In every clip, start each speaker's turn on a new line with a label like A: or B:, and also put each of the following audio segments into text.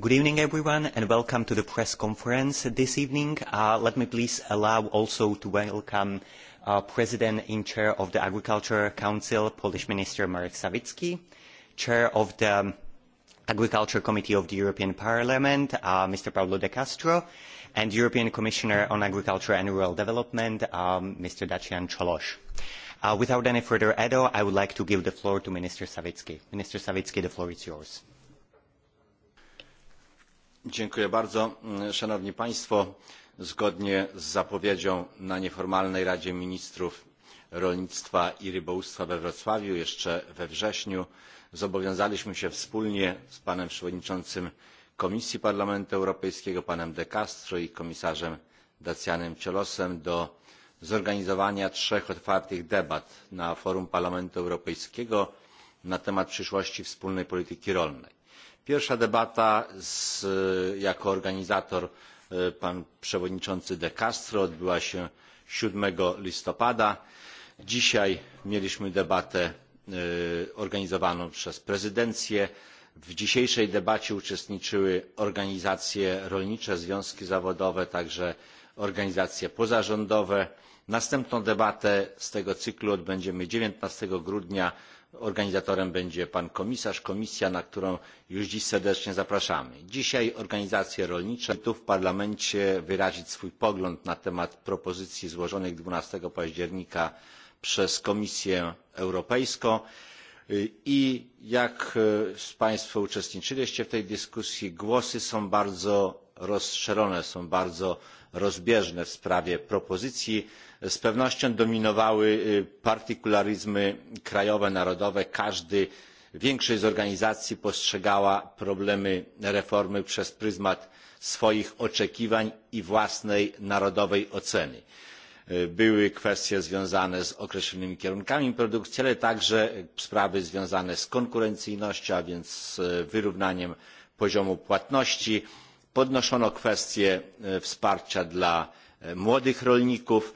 A: Good evening, everyone, and welcome to the press conference this evening. Uh, let me please allow also to welcome uh, President in Chair of the Agriculture Council, Polish Minister Marek Sawicki, Chair of the Agriculture Committee of the European Parliament, uh, Mr. Pablo de Castro, and European Commissioner on Agriculture and Rural Development, um, Mr. Dacian Czolosz. Uh, without any further ado, I would like to give the floor to Minister Savitsky. Minister Savitsky, the floor is yours
B: zgodnie z zapowiedzią na nieformalnej radzie ministrów rolnictwa i rybołówstwa we wrocławiu jeszcze we wrześniu zobowiązaliśmy się wspólnie z panem przewodniczącym komisji parlamentu europejskiego panem de castro i komisarzem dacianem ciolosem do zorganizowania trzech otwartych debat na forum parlamentu europejskiego na temat przyszłości wspólnej polityki rolnej pierwsza debata z, jako organizator e, pan przewodniczący de castro odbyła się siedem listopada dzisiaj mieliśmy debatę e, organizowaną przez prezydencję w dzisiejszej debacie uczestniczyły organizacje rolnicze związki zawodowe także organizacje pozarządowe. następną debatę z tego cyklu odbędziemy dziewiętnaście grudnia organizatorem będzie pan komisarz komisja na którą już dziś serdecznie zapraszamy. dzisiaj organizacje rolnicze tu w parlamencie wyrazić swój pogląd na temat propozycji złożonych dwanaście października przez komisję europejską i jak państwo uczestniczyliście w tej dyskusji głosy są bardzo rozszerzone są bardzo rozbieżne w sprawie propozycji z pewnością dominowały partykularyzmy krajowe narodowe każdy większość z organizacji postrzegała problemy reformy przez pryzmat swoich oczekiwań i własnej narodowej oceny. były kwestie związane z określonymi kierunkami produkcji ale także sprawy związane z konkurencyjnością a więc wyrównaniem poziomu płatności podnoszono kwestię e, wsparcia dla e, młodych rolników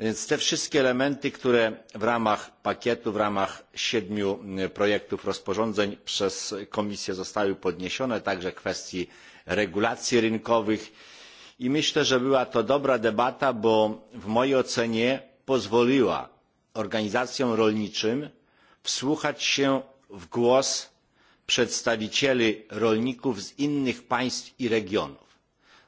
B: więc te wszystkie elementy które w ramach pakietu w ramach siedmiu e, projektów rozporządzeń przez komisję zostały podniesione także kwestii regulacji rynkowych i myślę że była to dobra debata bo w mojej ocenie pozwoliła organizacjom rolniczym wsłuchać się w głos przedstawicieli rolników z innych państw i regionów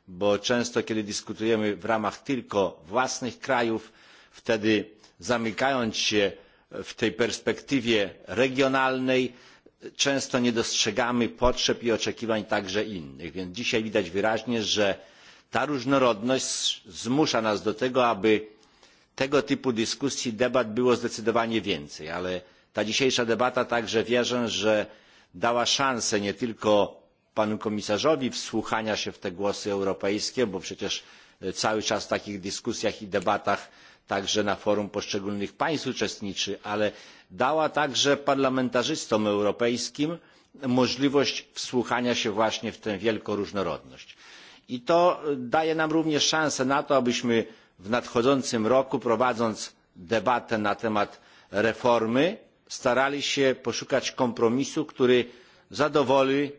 B: bo często kiedy dyskutujemy w ramach tylko własnych krajów wtedy zamykając się w tej perspektywie regionalnej często nie dostrzegamy potrzeb i oczekiwań także innych więc dzisiaj widać wyraźnie że ta różnorodność zmusza nas do tego aby tego typu dyskusji debat było zdecydowanie więcej ale ta dzisiejsza debata także wierzę że dała szansę nie tylko panu komisarzowi wsłuchania się w te głosy europejskie bo przecież e, cały czas w takich dyskusjach i debatach także na forum poszczególnych państw uczestniczy ale dała także parlamentarzystom europejskim możliwość wsłuchania się właśnie w tę wielką różnorodność. i to e, daje nam również szansę na to abyśmy w nadchodzącym roku prowadząc debatę na temat reformy starali się poszukać kompromisu który zadowoli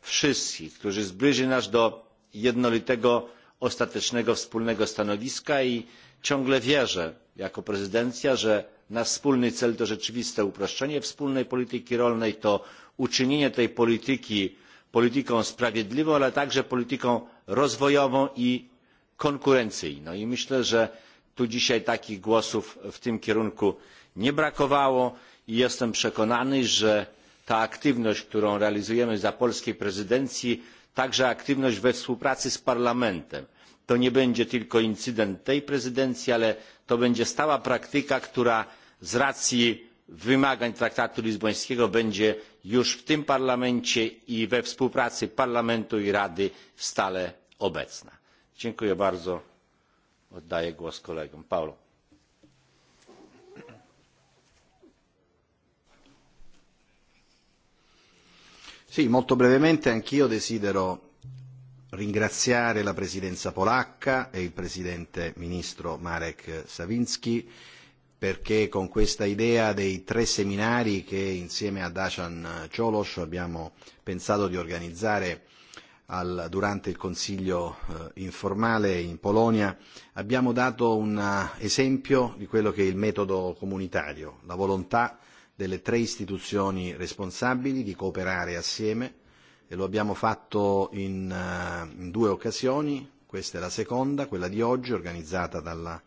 B: wszystkich który zbliży nas do jednolitego ostatecznego wspólnego stanowiska i ciągle wierzę jako prezydencja że nasz wspólny cel to rzeczywiste uproszczenie wspólnej polityki rolnej to uczynienie tej polityki polityką sprawiedliwą ale także polityką rozwojową i konkurencyjną i myślę że tu dzisiaj takich głosów w tym kierunku nie brakowało i jestem przekonany że ta aktywność którą realizujemy za polskiej prezydencji także aktywność we współpracy z parlamentem to nie będzie tylko incydent tej prezydencji ale to będzie stała praktyka która z racji wymagań traktatu lizbońskiego będzie już w tym parlamencie i we współpracy parlamentu i rady stale obecna. dziękuję bardzo oddaję głos kolegom. Paulo.
C: Sì, molto brevemente anch'io desidero ringraziare la presidenza polacca e il presidente ministro Marek Savinski perché con questa idea dei tre seminari che insieme a Dacian Ciolos abbiamo pensato di organizzare al, durante il Consiglio eh, informale in Polonia, abbiamo dato un eh, esempio di quello che è il metodo comunitario, la volontà delle tre istituzioni responsabili di cooperare assieme e lo abbiamo fatto in, uh, in due occasioni, questa è la seconda, quella di oggi organizzata dalla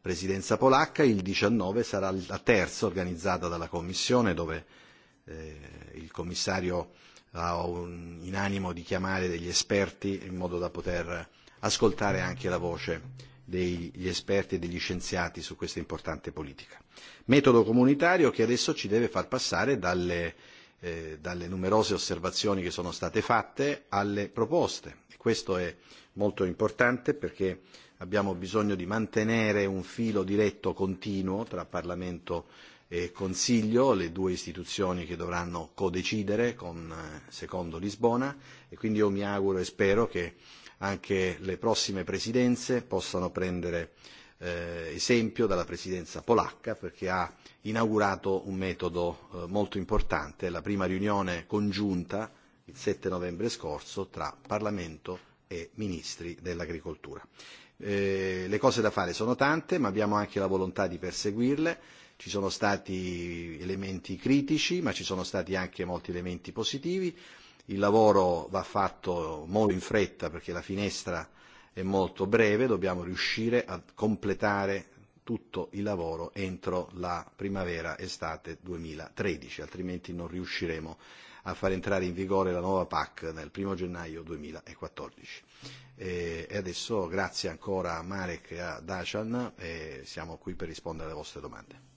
C: Presidenza polacca, il 19 sarà la terza organizzata dalla Commissione dove eh, il commissario eh, un, in animo di chiamare degli esperti in modo da poter ascoltare anche la voce degli esperti e degli scienziati su questa importante politica. Metodo comunitario che adesso ci deve far passare dalle, eh, dalle numerose osservazioni che sono state fatte alle proposte. E questo è molto importante perché abbiamo bisogno di mantenere un filo diretto continuo tra Parlamento e Consiglio, le due istituzioni che dovranno codecidere con, eh, secondo Lisbona e quindi io mi auguro e spero che anche le prossime presidenze possano prendere eh, esempio dalla presidenza polacca perché ha inaugurato un metodo eh, molto importante, la prima riunione congiunta il 7 novembre scorso tra Parlamento e Ministri dell'Agricoltura. Eh, le cose da fare sono tante ma abbiamo anche la volontà di perseguirle Ci sono stati elementi critici, ma ci sono stati anche molti elementi positivi. Il lavoro va fatto molto in fretta perché la finestra è molto breve, dobbiamo riuscire a completare tutto il lavoro entro la primavera-estate 2013, altrimenti non riusciremo a far entrare in vigore la nuova PAC nel 1 gennaio 2014. E, e adesso grazie ancora a Marek e a Dacian e siamo qui per rispondere alle vostre domande.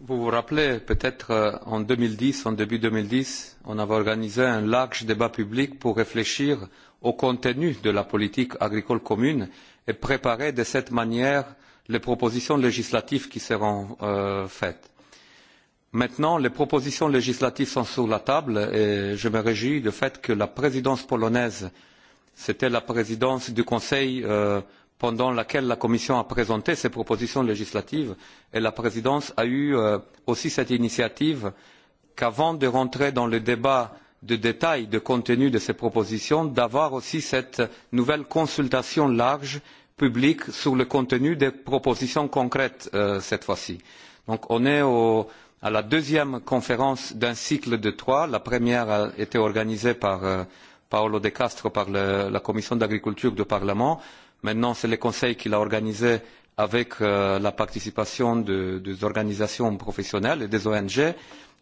D: vous vous rappelez peut être euh, en deux mille dix en début deux mille dix on avait organisé un large débat public pour réfléchir au contenu de la politique agricole commune et préparer de cette manière les propositions législatives qui seront euh, faites. Maintenant, les propositions législatives sont sur la table et je me réjouis du fait que la présidence polonaise, c'était la présidence du Conseil euh, pendant laquelle la Commission a présenté ses propositions législatives et la présidence a eu euh, aussi cette initiative qu'avant de rentrer dans le débat de détail du contenu de ces propositions, d'avoir aussi cette nouvelle consultation large publique sur le contenu des propositions concrètes euh, cette fois-ci. Donc on est au, à la deuxième conférence d'un cycle de trois. La première a été organisée par euh, Paolo De Castro, par le, la Commission d'agriculture du Parlement. Euh, Maintenant, c'est le Conseil qui l'a organisé avec euh, la participation de, des organisations professionnelles et des ONG.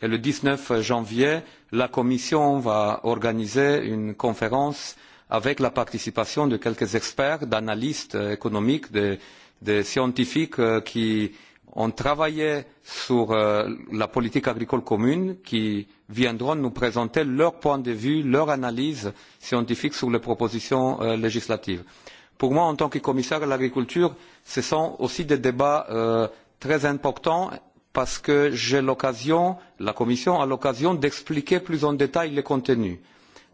D: Et le 19 janvier, la Commission va organiser une conférence avec la participation de quelques experts, d'analystes économiques, de, de scientifiques euh, qui ont travaillé sur euh, la politique agricole commune, qui viendront nous présenter leur point de vue, leur analyse scientifique sur les propositions euh, législatives. Euh, pour moi en tant que commissaire à l'agriculture ce sont aussi des débats euh, très importants parce que j'ai l'occasion la commission a l'occasion d'expliquer plus en détail le contenu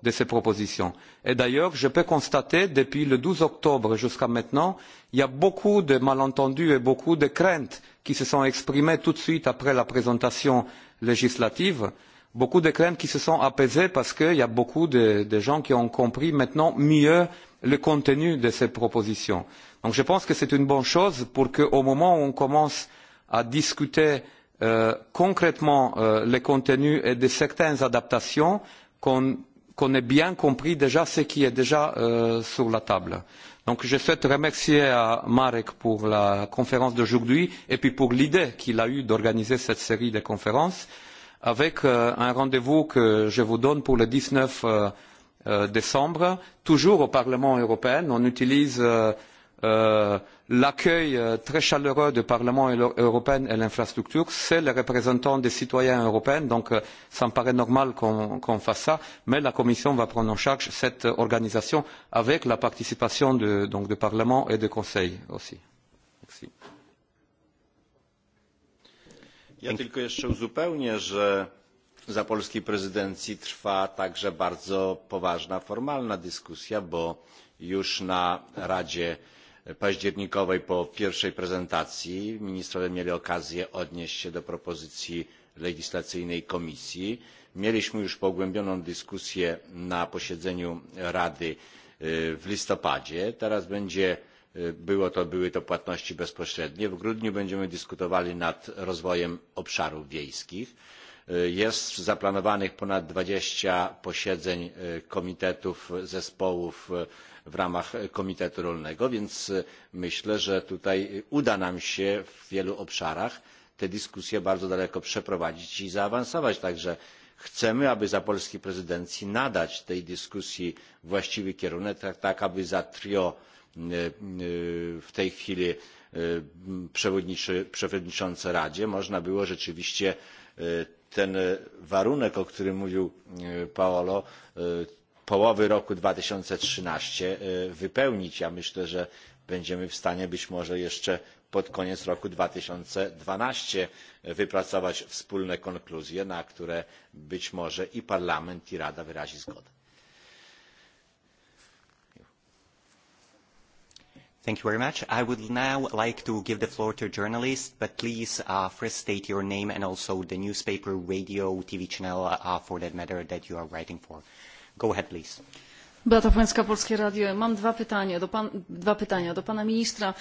D: de ces propositions. Et d'ailleurs, je peux constater depuis le 12 octobre jusqu'à maintenant, il y a beaucoup de malentendus et beaucoup de craintes qui se sont exprimées tout de suite après la présentation législative. Beaucoup de craintes qui se sont apaisées parce qu'il y a beaucoup de, de gens qui ont compris maintenant mieux euh, le contenu de ces propositions. Donc je pense que c'est une bonne chose pour qu'au moment où on commence à discuter euh, concrètement euh, le contenu et de certaines adaptations, qu'on qu'on ait bien compris déjà ce qui est déjà euh, sur la table. Donc je souhaite remercier à Marek pour la conférence d'aujourd'hui et puis pour l'idée qu'il a eue d'organiser cette série de conférences avec euh, un rendez-vous que je vous donne pour le 19 euh, euh, décembre, toujours au Parlement européen, on utilise euh, euh, l'accueil euh, très chaleureux du Parlement européen et l'infrastructure, c'est les représentants des citoyens européens, donc euh, ça me paraît normal qu'on qu fasse ça, mais la Commission va prendre en charge cette organisation avec la participation de, donc, du Parlement et du Conseil aussi. Merci.
B: Ja tylko jeszcze uzupełnię, że za polskiej prezydencji trwa także bardzo poważna formalna dyskusja bo już na radzie październikowej po pierwszej prezentacji ministrowie mieli okazję odnieść się do propozycji legislacyjnej komisji mieliśmy już pogłębioną dyskusję na posiedzeniu rady w listopadzie teraz będzie było to, były to płatności bezpośrednie w grudniu będziemy dyskutowali nad rozwojem obszarów wiejskich E, jest zaplanowanych ponad dwadzieścia posiedzeń e, komitetów zespołów e, w ramach komitetu rolnego więc myślę że tutaj uda nam się w wielu obszarach te dyskusje bardzo daleko przeprowadzić i zaawansować także chcemy aby za polskiej prezydencji nadać tej dyskusji właściwy kierunek tak, tak aby za trio w tej chwili przewodniczące radzie można było rzeczywiście E, ten e, warunek o którym mówił e, paolo połowy roku dwa tysiące trzynaście wypełnić. ja myślę że będziemy w stanie być może jeszcze pod koniec roku dwa tysiące dwanaście wypracować wspólne konkluzje na które być może i parlament i rada wyrazi zgodę.
A: Thank you very much. I would now like to give the floor to journalists, but please uh, first state your name and also the newspaper, radio, TV channel, uh, uh, for that matter, that you are writing for. Go ahead, please.
B: Beata Płęcka, Polskie Radio. Mam dwa pytania, do pan, dwa pytania do pana ministra.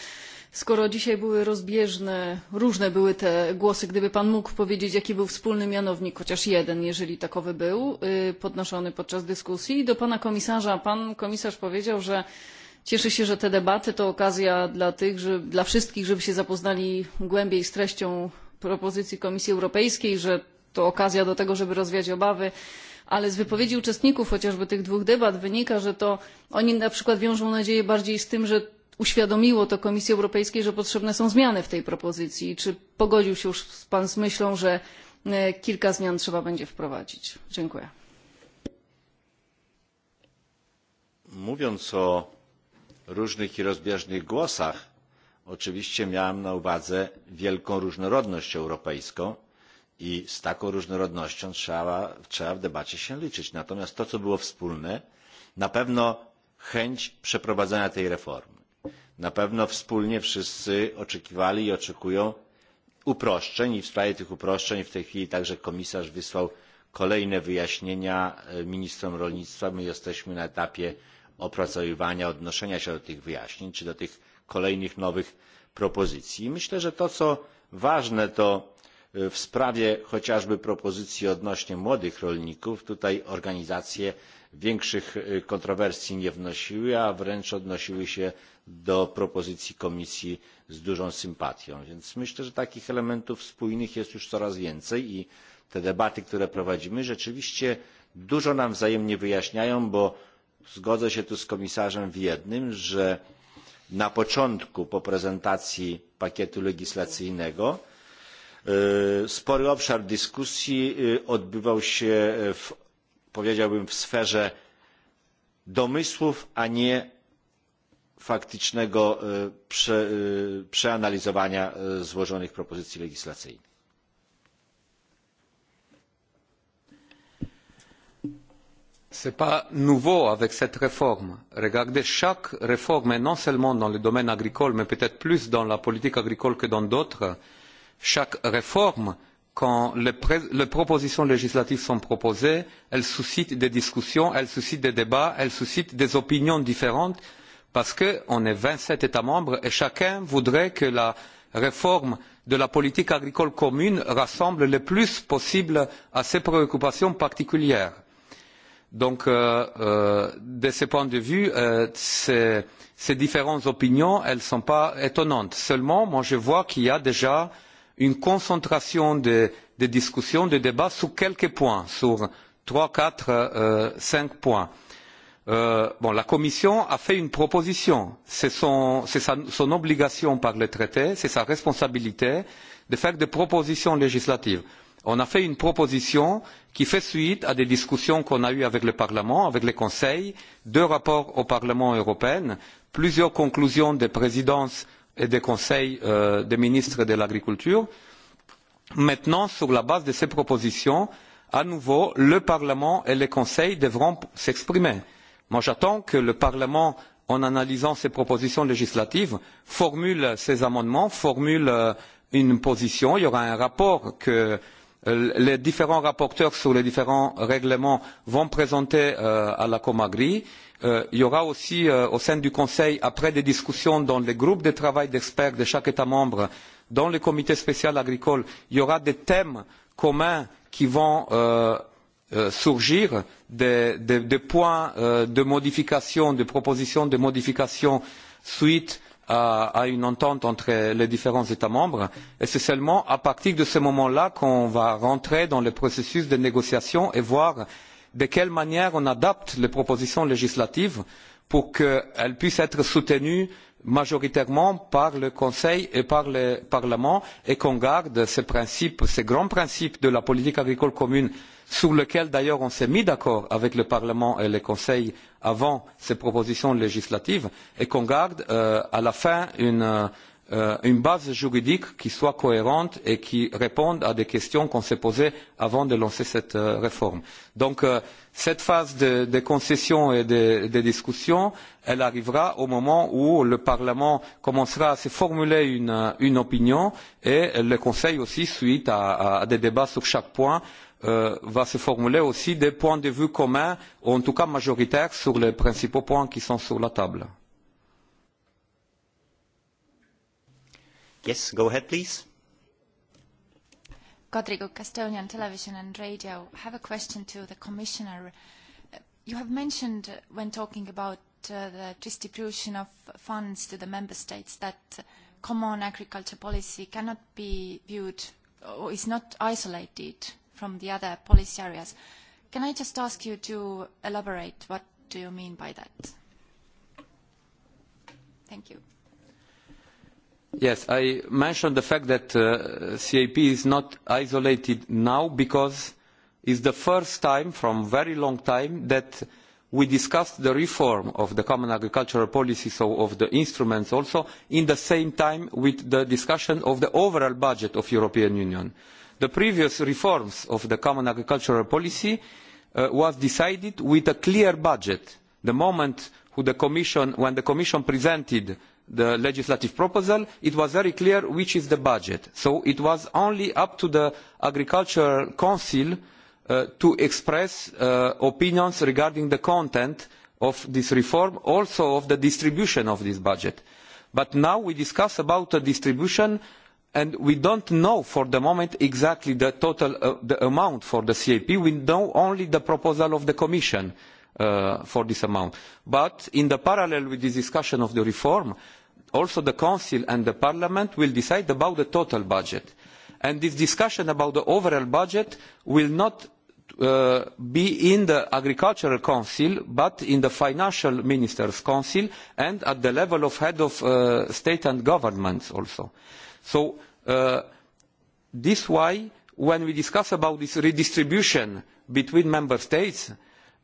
B: Skoro dzisiaj były rozbieżne, różne były te głosy, gdyby pan mógł powiedzieć, jaki był wspólny mianownik, chociaż jeden, jeżeli takowy był, podnoszony podczas dyskusji. Do pana komisarza. Pan komisarz powiedział, że Cieszę się, że te debaty to okazja dla tych, że, dla wszystkich, żeby się zapoznali głębiej z treścią propozycji Komisji Europejskiej, że to okazja do tego, żeby rozwiać obawy, ale z wypowiedzi uczestników chociażby tych dwóch debat wynika, że to oni na przykład wiążą nadzieję bardziej z tym, że uświadomiło to Komisji Europejskiej, że potrzebne są zmiany w tej propozycji. Czy pogodził się już Pan z myślą, że e, kilka zmian trzeba będzie wprowadzić? Dziękuję. Mówiąc o różnych i rozbieżnych głosach oczywiście miałem na uwadze wielką różnorodność europejską i z taką różnorodnością trzeba, trzeba w debacie się liczyć. Natomiast to, co było wspólne, na pewno chęć przeprowadzenia tej reformy. Na pewno wspólnie wszyscy oczekiwali i oczekują uproszczeń i w sprawie tych uproszczeń w tej chwili także komisarz wysłał kolejne wyjaśnienia e, ministrom rolnictwa. My jesteśmy na etapie opracowywania odnoszenia się do tych wyjaśnień czy do tych kolejnych nowych propozycji. I myślę że to co ważne to w sprawie chociażby propozycji odnośnie młodych rolników tutaj organizacje większych kontrowersji nie wnosiły a wręcz odnosiły się do propozycji komisji z dużą sympatią więc myślę że takich elementów spójnych jest już coraz więcej i te debaty które prowadzimy rzeczywiście dużo nam wzajemnie wyjaśniają bo zgodzę się tu z komisarzem w jednym że na początku po prezentacji pakietu legislacyjnego spory obszar dyskusji odbywał się w, powiedziałbym w sferze domysłów a nie faktycznego prze, przeanalizowania złożonych propozycji legislacyjnych.
D: ce n'est pas nouveau avec cette réforme. regardez chaque réforme et non seulement dans le domaine agricole mais peut être plus dans la politique agricole que dans d'autres chaque réforme quand les, les propositions législatives sont proposées elles suscitent des discussions elles suscitent des débats elles suscitent des opinions différentes parce qu'on est vingt sept états membres et chacun voudrait que la réforme de la politique agricole commune rassemble le plus possible à ses préoccupations particulières Donc, euh, euh, de ce point de vue, euh, ces, ces différentes opinions, elles ne sont pas étonnantes. Seulement, moi, je vois qu'il y a déjà une concentration de, de discussions, de débats sur quelques points, sur trois, quatre, euh, cinq points. Euh, bon, la Commission a fait une proposition. C'est son, sa, son obligation par le traité, c'est sa responsabilité de faire des propositions législatives on a fait une proposition qui fait suite à des discussions qu'on a eues avec le Parlement, avec le Conseil, deux rapports au Parlement européen, plusieurs conclusions des présidences et des conseils euh, des ministres de l'Agriculture. Maintenant, sur la base de ces propositions, à nouveau, le Parlement et le Conseil devront s'exprimer. Moi, j'attends que le Parlement, en analysant ces propositions législatives, formule ses amendements, formule euh, une position. Il y aura un rapport que euh, Euh, les différents rapporteurs sur les différents règlements vont présenter euh, à la Comagri. Euh, il y aura aussi euh, au sein du Conseil, après des discussions dans les groupes de travail d'experts de chaque État membre, dans le comité spécial agricole, il y aura des thèmes communs qui vont euh, euh, surgir, des, des, des points euh, de modification, de propositions de modification suite à, euh, à une entente entre les différents États membres. Et c'est seulement à partir de ce moment-là qu'on va rentrer dans le processus de négociation et voir de quelle manière on adapte les propositions législatives pour qu'elles puissent être soutenues majoritairement par le Conseil et par le Parlement et qu'on garde ces principes, ces grands principes de la politique agricole commune sur lesquels d'ailleurs on s'est mis d'accord avec le Parlement et le Conseil avant ces propositions législatives et qu'on garde euh, à la fin une, euh, une base juridique qui soit cohérente et qui réponde à des questions qu'on s'est posées avant de lancer cette euh, réforme. Donc euh, cette phase de, de concession et de, de discussion, elle arrivera au moment où le Parlement commencera à se formuler une, euh, une opinion et le Conseil aussi, suite à, à des débats sur chaque point, euh, va se formuler aussi des points de vue communs, ou en tout cas majoritaires, sur les principaux points qui sont sur la table. Yes, go ahead, please.
A: Kadri Kukk, Estonian Television and Radio. I have a question to the Commissioner. You have mentioned uh, when talking about uh, the distribution of funds to the Member States that uh, common agriculture policy cannot be viewed or is not isolated from the other policy areas. Can I just ask you to elaborate what do you mean by that? Thank you.
D: Yes, I mentioned the fact that uh, CAP is not isolated now because it's the first time from very long time that we discussed the reform of the common agricultural policy, so of the instruments also, in the same time with the discussion of the overall budget of European Union. The previous reforms of the common agricultural policy uh, was decided with a clear budget. The moment who the Commission, when the Commission presented the legislative proposal, it was very clear which is the budget. So it was only up to the Agricultural Council uh, to express uh, opinions regarding the content of this reform, also of the distribution of this budget. But now we discuss about the distribution and we don't know for the moment exactly the total uh, the amount for the CAP. We know only the proposal of the Commission. Uh, uh, for this amount. But in the parallel with this discussion of the reform, also the Council and the Parliament will decide about the total budget. And this discussion about the overall budget will not uh, be in the Agricultural Council, but in the Financial Ministers' Council and at the level of head of uh, state and governments also. So uh, this why when we discuss about this redistribution between member states, uh,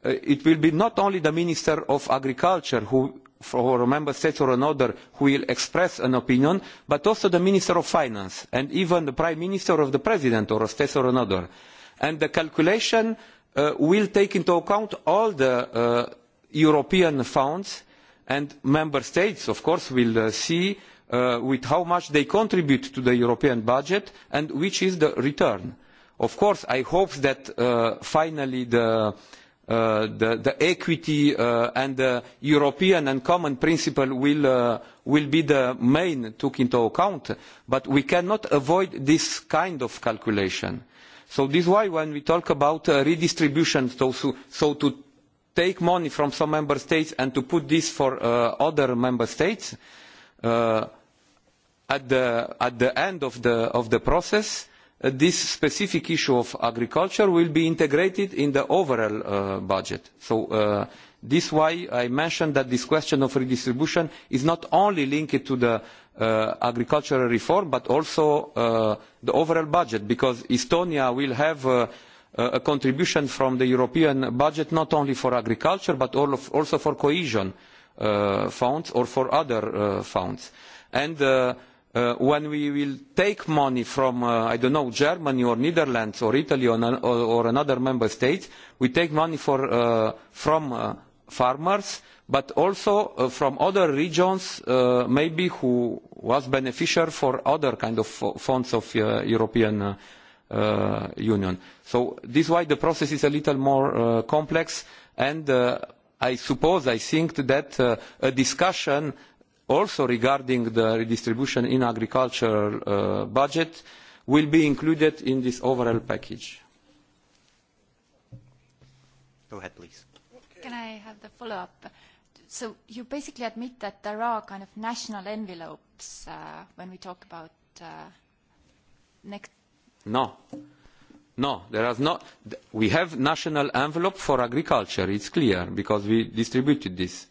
D: uh, it will be not only the Minister of Agriculture who for a member state or another who will express an opinion, but also the Minister of Finance and even the Prime Minister of the President or a state or another. And the calculation uh, will take into account all the uh, European funds and member states, of course, will uh, see uh, with how much they contribute to the European budget and which is the return. Of course, I hope that uh, finally the uh, the, the equity uh, and the European and common principle will, uh, will be the main took into account, but we cannot avoid this kind of calculation. So this is why when we talk about uh, redistribution, so, so, so to take money from some member states and to put this for uh, other member states, uh, at, the, at the end of the, of the process, uh, Uh, this specific issue of agriculture will be integrated in the overall uh, budget. So uh, this is why I mentioned that this question of redistribution is not only linked to the uh, agricultural reform but also uh, the overall budget because Estonia will have uh, a contribution from the European budget not only for agriculture but of, also for cohesion uh, funds or for other uh, funds. And uh, uh, when we will take money from, uh, I don't know, Germany or Netherlands or Italy or, or, or another member state, we take money for, uh, from uh, farmers, but also uh, from other regions, uh, maybe who was beneficiary for other kind of funds of uh, European uh, uh, Union. So this is why the process is a little more uh, complex and uh, I suppose, I think that uh, a discussion also regarding the redistribution in agricultural uh, budget will be included in this overall package. Go ahead,
A: please. Okay. Can I have the follow-up? So you basically admit that there are kind of national envelopes uh, when we talk about uh, next...
D: No. No, there are not. We have national envelope for agriculture. It's clear because we distributed this. Uh,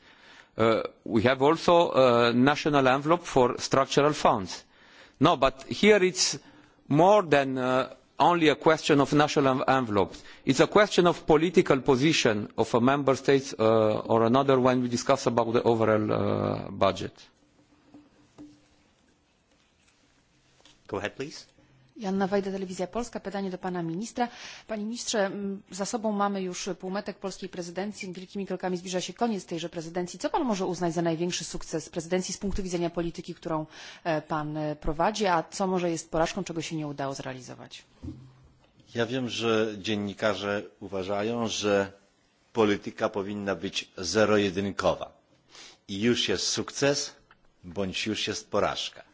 D: Uh, we have also a uh, national envelope for structural funds. No, but here it's more than uh, only a question of national envelopes. It's a question of political position of a member state uh, or another when we discuss about the overall uh, budget. Go ahead, please.
A: Janna Wajda, Telewizja Polska. Pytanie do Pana Ministra. Panie Ministrze, za sobą mamy już półmetek polskiej prezydencji. Wielkimi krokami zbliża się koniec tejże prezydencji. Co Pan może uznać za największy sukces prezydencji z punktu widzenia polityki, którą e, Pan e, prowadzi, a co może jest porażką, czego się nie udało zrealizować?
B: Ja wiem, że dziennikarze uważają, że polityka powinna być zero-jedynkowa. I już jest sukces, bądź już jest porażka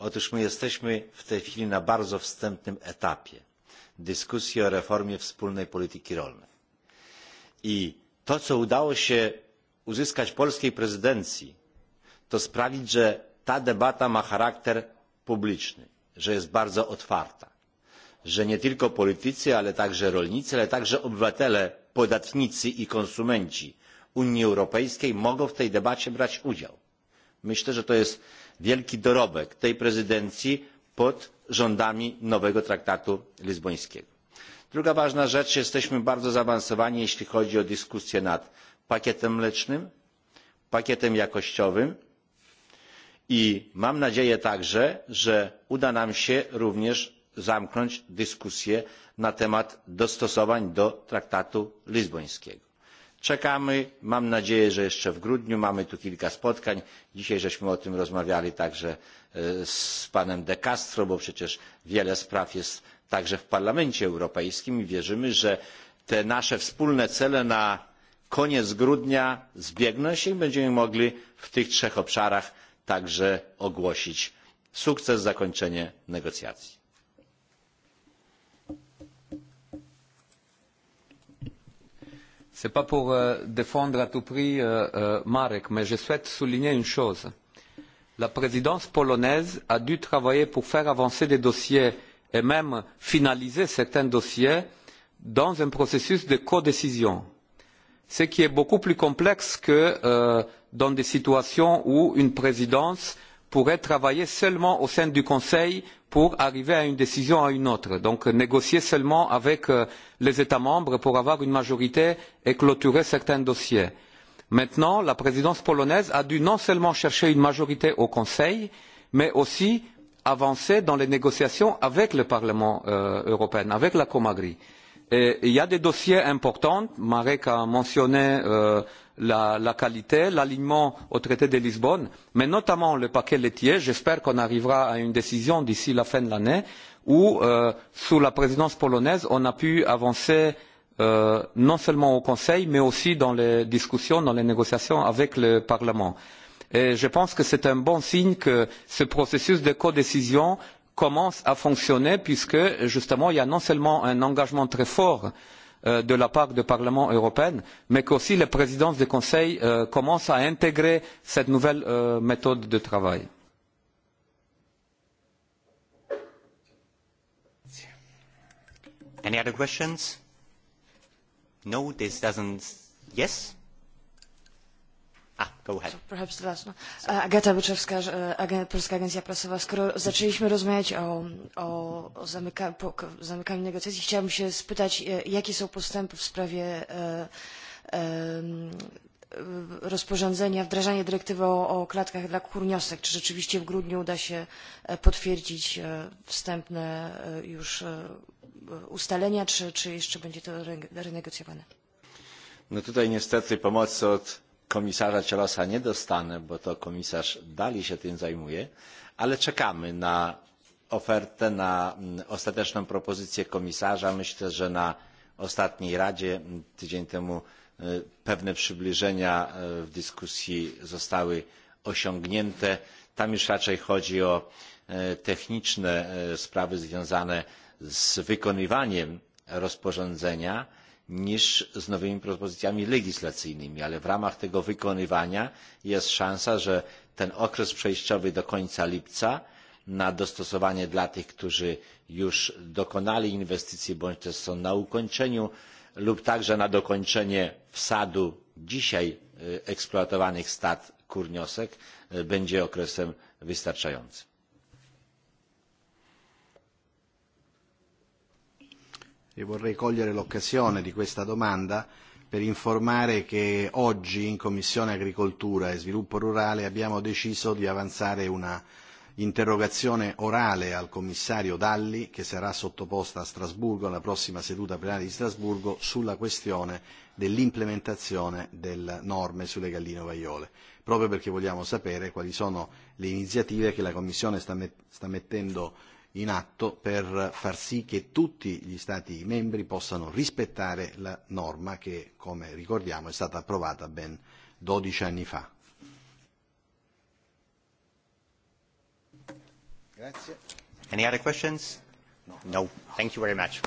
B: otóż my jesteśmy w tej chwili na bardzo wstępnym etapie dyskusji o reformie wspólnej polityki rolnej i to co udało się uzyskać polskiej prezydencji to sprawić że ta debata ma charakter publiczny że jest bardzo otwarta że nie tylko politycy ale także rolnicy ale także obywatele podatnicy i konsumenci unii europejskiej mogą w tej debacie brać udział myślę że to jest wielki dorobek tej prezydencji pod rządami nowego traktatu lizbońskiego. druga ważna rzecz jesteśmy bardzo zaawansowani jeśli chodzi o dyskusję nad pakietem mlecznym pakietem jakościowym i mam nadzieję także że uda nam się również zamknąć dyskusję na temat dostosowań do traktatu lizbońskiego czekamy mam nadzieję że jeszcze w grudniu mamy tu kilka spotkań dzisiaj żeśmy o tym rozmawiali także e, z panem de castro bo przecież wiele spraw jest także w parlamencie europejskim i wierzymy że te nasze wspólne cele na koniec grudnia zbiegną się i będziemy mogli w tych trzech obszarach także ogłosić sukces zakończenie negocjacji.
D: Ce n'est pas pour euh, défendre à tout prix euh, euh, Marek, mais je souhaite souligner une chose. La présidence polonaise a dû travailler pour faire avancer des dossiers et même finaliser certains dossiers dans un processus de codécision, ce qui est beaucoup plus complexe que euh, dans des situations où une présidence pourrait travailler seulement au sein du Conseil pour arriver à une décision à une autre. Donc négocier seulement avec euh, les États membres pour avoir une majorité et clôturer certains dossiers. Maintenant, la présidence polonaise a dû non seulement chercher une majorité au Conseil, mais aussi avancer dans les négociations avec le Parlement euh, européen, avec la Comagri. Et il y a des dossiers importants. Marek a mentionné euh, la, la qualité, l'alignement au traité de Lisbonne, mais notamment le paquet laitier. J'espère qu'on arrivera à une décision d'ici la fin de l'année où, euh, sous la présidence polonaise, on a pu avancer euh, non seulement au Conseil, mais aussi dans les discussions, dans les négociations avec le Parlement. Et je pense que c'est un bon signe que ce processus de codécision commence à fonctionner puisque justement il y a non seulement un engagement très fort euh, euh, de la part du Parlement européen, mais qu'aussi les présidences du Conseil euh, commencent à intégrer cette nouvelle euh, méthode de travail.
A: Any other questions? No, this doesn't. Yes? Ah, go ahead. So
B: perhaps the last one. Uh, eh, Agata Byczewska, eh, uh, Polska Agencja Prasowa. Skoro zaczęliśmy rozmawiać o, o, o zamyka, po, zamykaniu negocjacji, chciałabym się spytać, e, jakie są postępy w sprawie e, e, rozporządzenia, wdrażania dyrektywy o, o klatkach dla kurniosek. Czy rzeczywiście w grudniu uda się e, potwierdzić e, wstępne już ustalenia, czy, czy jeszcze będzie to renegocjowane? No tutaj niestety pomocy od komisarza Cielosa nie dostanę, bo to komisarz Dali się tym zajmuje, ale czekamy na ofertę, na mm, ostateczną propozycję komisarza. Myślę, że na ostatniej Radzie mm, tydzień temu pewne przybliżenia w dyskusji zostały osiągnięte. Tam już raczej chodzi o techniczne sprawy związane z wykonywaniem rozporządzenia niż z nowymi propozycjami legislacyjnymi ale w ramach tego wykonywania jest szansa że ten okres przejściowy do końca lipca na dostosowanie dla tych którzy już dokonali inwestycji bądź też są na ukończeniu lub także na dokończenie wsadu dzisiaj eksploatowanych stad kurniosek będzie okresem wystarczającym.
C: e vorrei cogliere l'occasione di questa domanda per informare che oggi in Commissione Agricoltura e Sviluppo Rurale abbiamo deciso di avanzare una interrogazione orale al commissario Dalli, che sarà sottoposta a Strasburgo alla prossima seduta plenaria di Strasburgo, sulla questione dell'implementazione delle norme sulle galline ovaiole, proprio perché vogliamo sapere quali sono le iniziative che la Commissione sta, met- sta mettendo in atto per far sì che tutti gli Stati membri possano rispettare la norma che, come ricordiamo, è stata approvata ben 12 anni fa. Grazie.
A: Any other questions? No. no. Thank you very much.